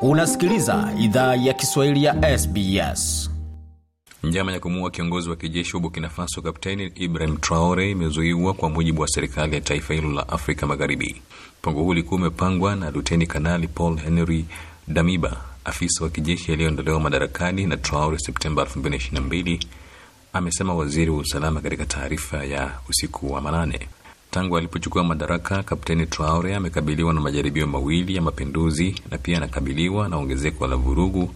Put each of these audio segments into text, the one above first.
unasikiliza idhaa ya kiswahili ya sbs njama ya kumuua kiongozi wa kijeshi wa bukina faso kapteni ibrahim traore imezuiwa kwa mujibu wa serikali ya taifa hilo la afrika magharibi mpango huu ulikuwa umepangwa na luteni kanali paul henry damiba afisa wa kijeshi aliyeondolewa madarakani na traore septemba 2022 amesema waziri wa usalama katika taarifa ya usiku wa manane Tangu alipochukua madaraka, Kapteni Traore amekabiliwa na majaribio mawili ya mapinduzi na pia anakabiliwa na ongezeko la vurugu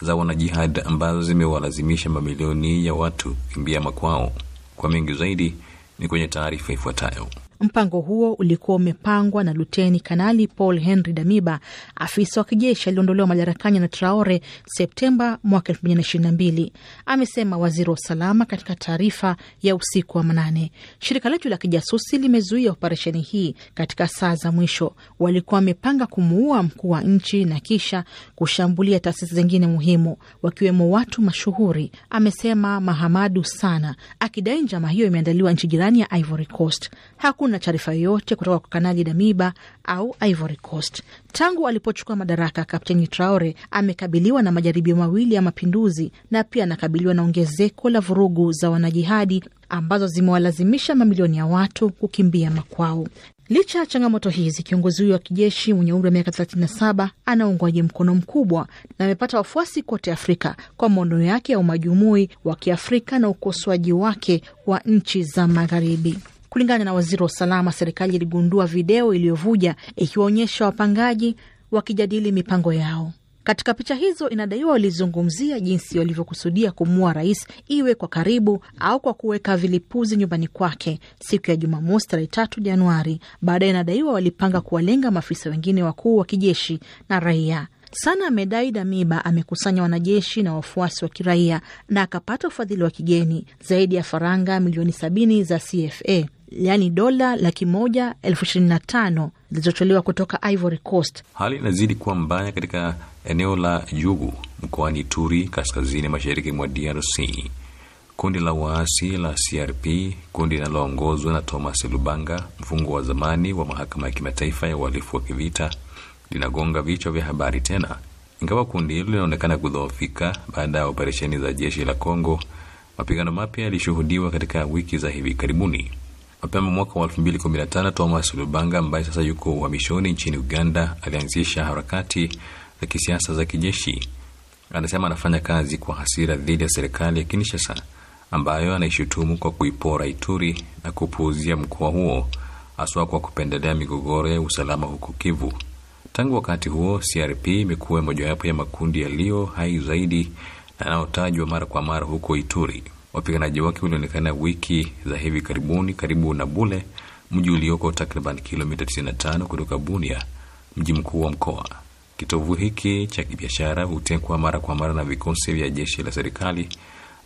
za wanajihad ambazo zimewalazimisha mamilioni ya watu kukimbia makwao. Kwa mengi zaidi ni kwenye taarifa ifuatayo. Mpango huo ulikuwa umepangwa na Luteni Kanali Paul Henry Damiba, afisa wa kijeshi aliondolewa madarakani na Traore Septemba mwaka elfu na na ishirini mbili, amesema waziri wa usalama katika taarifa ya usiku wa manane. Shirika letu la kijasusi limezuia operesheni hii katika saa za mwisho. Walikuwa wamepanga kumuua mkuu wa nchi na kisha kushambulia taasisi zingine muhimu, wakiwemo watu mashuhuri, amesema Mahamadu Sana, akidai njama hiyo imeandaliwa nchi jirani ya Ivory Coast. Hakuna hakuna taarifa yoyote kutoka kwa Kanali Damiba au Ivory Coast. Tangu alipochukua madaraka, Kapteni Traore amekabiliwa na majaribio mawili ya mapinduzi na pia anakabiliwa na ongezeko la vurugu za wanajihadi ambazo zimewalazimisha mamilioni ya watu kukimbia makwao. Licha ya changamoto hizi, kiongozi huyo wa kijeshi mwenye umri wa miaka 37 ana uungwaji mkono mkubwa na amepata wafuasi kote Afrika kwa maono yake ya umajumui wa Kiafrika na ukosoaji wake wa nchi za Magharibi. Kulingana na waziri wa usalama, serikali iligundua video iliyovuja ikiwaonyesha wapangaji wakijadili mipango yao. Katika picha hizo inadaiwa walizungumzia jinsi walivyokusudia kumua rais, iwe kwa karibu au kwa kuweka vilipuzi nyumbani kwake siku ya Jumamosi tarehe tatu Januari. Baadaye inadaiwa walipanga kuwalenga maafisa wengine wakuu wa kijeshi na raia. Sana Medai Damiba amekusanya wanajeshi na wafuasi wa kiraia na akapata ufadhili wa kigeni zaidi ya faranga milioni sabini za CFA yaani dola laki moja elfu ishirini na tano zilizotolewa kutoka Ivory Coast. Hali inazidi kuwa mbaya katika eneo la Jugu mkoani Turi, kaskazini mashariki mwa DRC. Kundi la waasi la CRP, kundi linaloongozwa na Thomas Lubanga, mfungwa wa zamani wa mahakama ya kimataifa ya uhalifu wa kivita, linagonga vichwa vya habari tena, ingawa kundi hilo linaonekana kudhoofika baada ya operesheni za jeshi la Kongo. Mapigano mapya yalishuhudiwa katika wiki za hivi karibuni. Mapema mwaka wa 2015 Thomas Lubanga ambaye sasa yuko uhamishoni nchini Uganda alianzisha harakati za kisiasa za kijeshi. Anasema anafanya kazi kwa hasira dhidi ya serikali ya Kinshasa ambayo anaishutumu kwa kuipora Ituri na kupuuzia mkoa huo haswa kwa kupendelea migogoro ya usalama huko Kivu. Tangu wakati huo, CRP imekuwa mojawapo ya makundi yaliyo hai zaidi na yanayotajwa mara kwa mara huko Ituri. Wapiganaji wake walionekana wiki za hivi karibuni karibu na Bule, mji ulioko takriban kilomita 95 kutoka Bunia, mji mkuu wa mkoa. Kitovu hiki cha kibiashara hutekwa mara kwa mara na vikosi vya jeshi la serikali,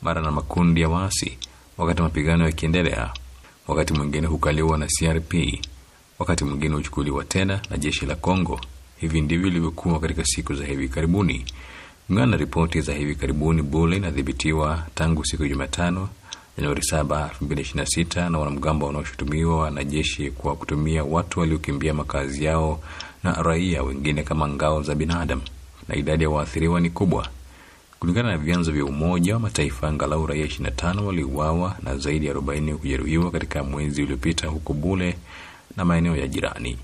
mara na makundi ya waasi, wakati mapigano yakiendelea. Wakati mwingine hukaliwa na CRP, wakati mwingine huchukuliwa tena na jeshi la Kongo. Hivi ndivyo ilivyokuwa katika siku za hivi karibuni. Kulingana na ripoti za hivi karibuni, Bole inadhibitiwa tangu siku ya Jumatano Januari 7, 2026 na wanamgambo wanaoshutumiwa wanajeshi kwa kutumia watu waliokimbia makazi yao na raia wengine kama ngao za binadamu, na idadi ya waathiriwa ni kubwa. Kulingana na vyanzo vya Umoja wa Mataifa, angalau raia 25 waliuawa na zaidi ya 40 kujeruhiwa katika mwezi uliopita huko Bule na maeneo ya jirani.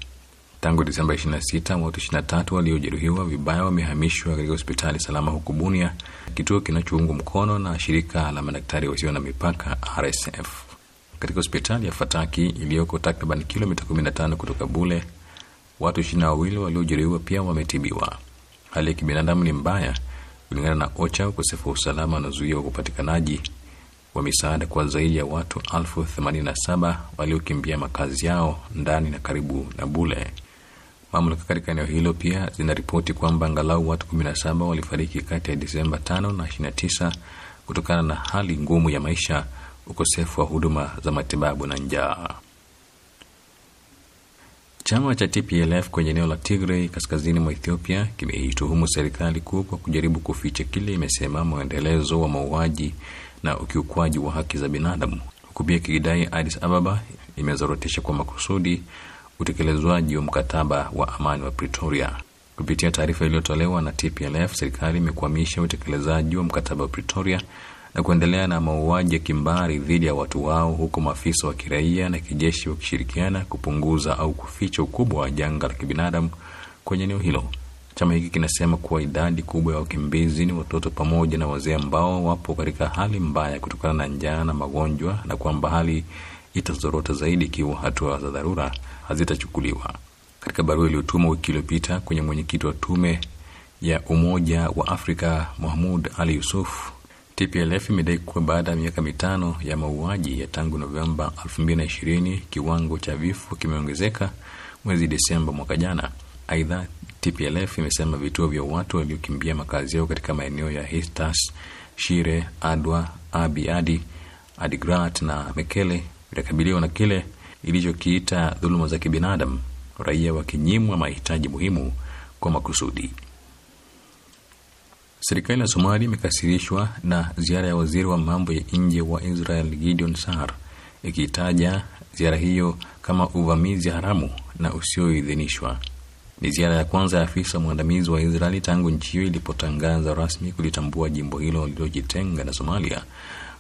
Tangu Disemba 26 watu 23 waliojeruhiwa vibaya wamehamishwa katika hospitali salama huko Bunia, kituo kinachoungwa mkono na shirika la madaktari wasio na mipaka RSF. Katika hospitali ya Fataki iliyoko takriban kilomita 15 kutoka Bule, watu 22 waliojeruhiwa pia wametibiwa. Hali ya kibinadamu ni mbaya kulingana na OCHA. Ukosefu wa usalama unazuia upatikanaji wa misaada kwa zaidi ya watu elfu 87 waliokimbia makazi yao ndani na karibu na Bule. Mamlaka katika eneo hilo pia zinaripoti kwamba angalau watu 17 walifariki kati ya Disemba 5 na 29 kutokana na hali ngumu ya maisha, ukosefu wa huduma za matibabu na njaa. Chama cha TPLF kwenye eneo la Tigray kaskazini mwa Ethiopia kimeituhumu serikali kuu kwa kujaribu kuficha kile imesema mwendelezo wa mauaji na ukiukwaji wa haki za binadamu, huku pia kikidai Addis Ababa imezorotesha kwa makusudi utekelezwaji wa mkataba wa amani wa Pretoria. Kupitia taarifa iliyotolewa na TPLF, serikali imekwamisha utekelezaji wa mkataba wa Pretoria na kuendelea na mauaji ya kimbari dhidi ya watu wao, huku maafisa wa kiraia na kijeshi wakishirikiana kupunguza au kuficha ukubwa wa janga la kibinadamu kwenye eneo hilo. Chama hiki kinasema kuwa idadi kubwa ya wakimbizi ni watoto pamoja na wazee ambao wapo katika hali mbaya kutokana na njaa na magonjwa, na kwamba hali itazorota zaidi ikiwa hatua za dharura hazitachukuliwa. Katika barua iliyotumwa wiki iliyopita kwenye mwenyekiti wa tume ya Umoja wa Afrika Mahmud Ali Yusuf, TPLF imedai kuwa baada ya miaka mitano ya mauaji ya tangu Novemba 2020 kiwango cha vifo kimeongezeka mwezi Desemba mwaka jana. Aidha, TPLF imesema vituo vya watu waliokimbia makazi yao katika maeneo ya Histas, Shire, Adwa, abiadi Adigrat na Mekele vitakabiliwa na kile ilichokiita dhuluma za kibinadamu, raia wakinyimwa mahitaji muhimu kwa makusudi. Serikali ya Somalia imekasirishwa na ziara ya waziri wa mambo ya nje wa Israel Gideon Saar, ikitaja ziara hiyo kama uvamizi haramu na usioidhinishwa. Ni ziara ya kwanza ya afisa mwandamizi wa Israeli tangu nchi hiyo ilipotangaza rasmi kulitambua jimbo hilo lililojitenga na Somalia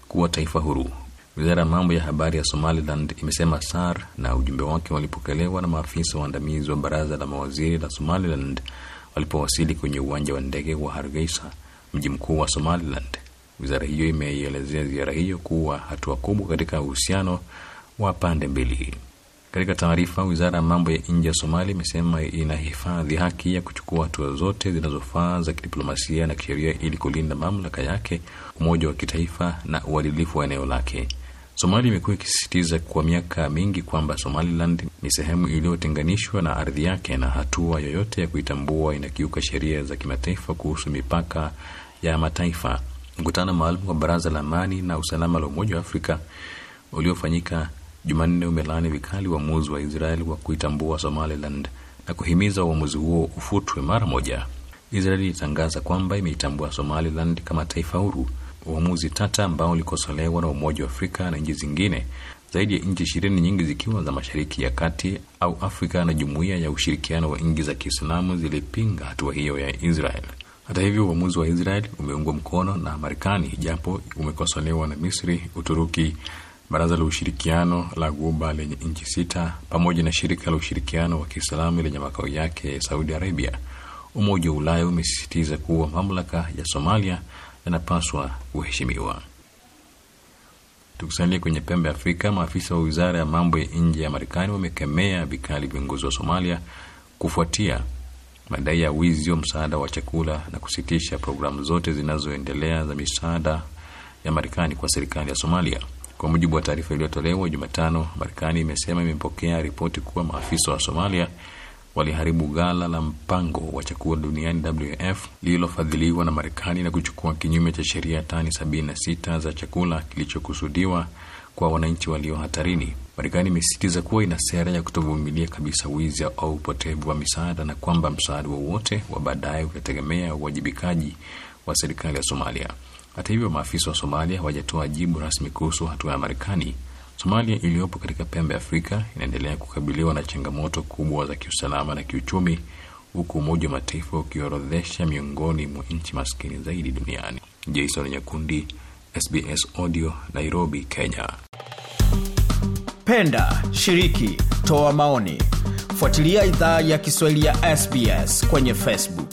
kuwa taifa huru. Wizara ya mambo ya habari ya Somaliland imesema SAR na ujumbe wake walipokelewa na maafisa waandamizi wa baraza la mawaziri la Somaliland walipowasili kwenye uwanja wa ndege wa Hargeisa, mji mkuu wa Somaliland. Wizara hiyo imeielezea ziara hiyo kuwa hatua kubwa katika uhusiano wa pande mbili. Katika taarifa, wizara ya mambo ya nje ya Somalia imesema inahifadhi haki ya kuchukua hatua zote zinazofaa za kidiplomasia na kisheria ili kulinda mamlaka yake, umoja wa kitaifa na uadilifu wa eneo lake. Somalia imekuwa ikisisitiza kwa miaka mingi kwamba Somaliland ni sehemu iliyotenganishwa na ardhi yake na hatua yoyote ya kuitambua inakiuka sheria za kimataifa kuhusu mipaka ya mataifa. Mkutano maalum wa Baraza la Amani na Usalama la Umoja wa Afrika uliofanyika Jumanne umelaani vikali uamuzi wa Israeli wa kuitambua Somaliland na kuhimiza uamuzi huo ufutwe mara moja. Israeli ilitangaza kwamba imeitambua Somaliland kama taifa huru, uamuzi tata ambao ulikosolewa na Umoja wa Afrika na nchi zingine, zaidi ya nchi ishirini, nyingi zikiwa za Mashariki ya Kati au Afrika, na Jumuiya ya Ushirikiano wa Nchi za Kiislamu zilipinga hatua hiyo ya Israeli. Hata hivyo uamuzi wa Israel umeungwa mkono na Marekani, japo umekosolewa na Misri, Uturuki Baraza la Ushirikiano la guba lenye nchi sita pamoja na Shirika la Ushirikiano wa Kiislamu lenye makao yake Saudi Arabia. Umoja wa Ulaya umesisitiza kuwa mamlaka ya Somalia yanapaswa kuheshimiwa. Tukisalia kwenye pembe Afrika, maafisa wa wizara ya mambo ya nje ya Marekani wamekemea vikali viongozi wa Somalia kufuatia madai ya wizi wa msaada wa chakula na kusitisha programu zote zinazoendelea za misaada ya Marekani kwa serikali ya Somalia. Kwa mujibu wa taarifa iliyotolewa Jumatano, Marekani imesema imepokea ripoti kuwa maafisa wa Somalia waliharibu ghala la mpango wa chakula duniani WF lililofadhiliwa na Marekani na kuchukua kinyume cha sheria tani 76 za chakula kilichokusudiwa kwa wananchi walio hatarini. Marekani imesisitiza kuwa ina sera ya kutovumilia kabisa wizi au upotevu wa misaada na kwamba msaada wowote wa, wa baadaye utategemea uwajibikaji wa serikali ya Somalia. Hata hivyo, maafisa wa Somalia hawajatoa jibu rasmi kuhusu hatua ya Marekani. Somalia iliyopo katika pembe ya Afrika inaendelea kukabiliwa na changamoto kubwa za kiusalama na kiuchumi, huku Umoja wa Mataifa ukiorodhesha miongoni mwa nchi maskini zaidi duniani. Jason Nyakundi, SBS Audio, Nairobi, Kenya. Penda, shiriki, toa maoni, fuatilia idhaa ya Kiswahili ya SBS kwenye Facebook.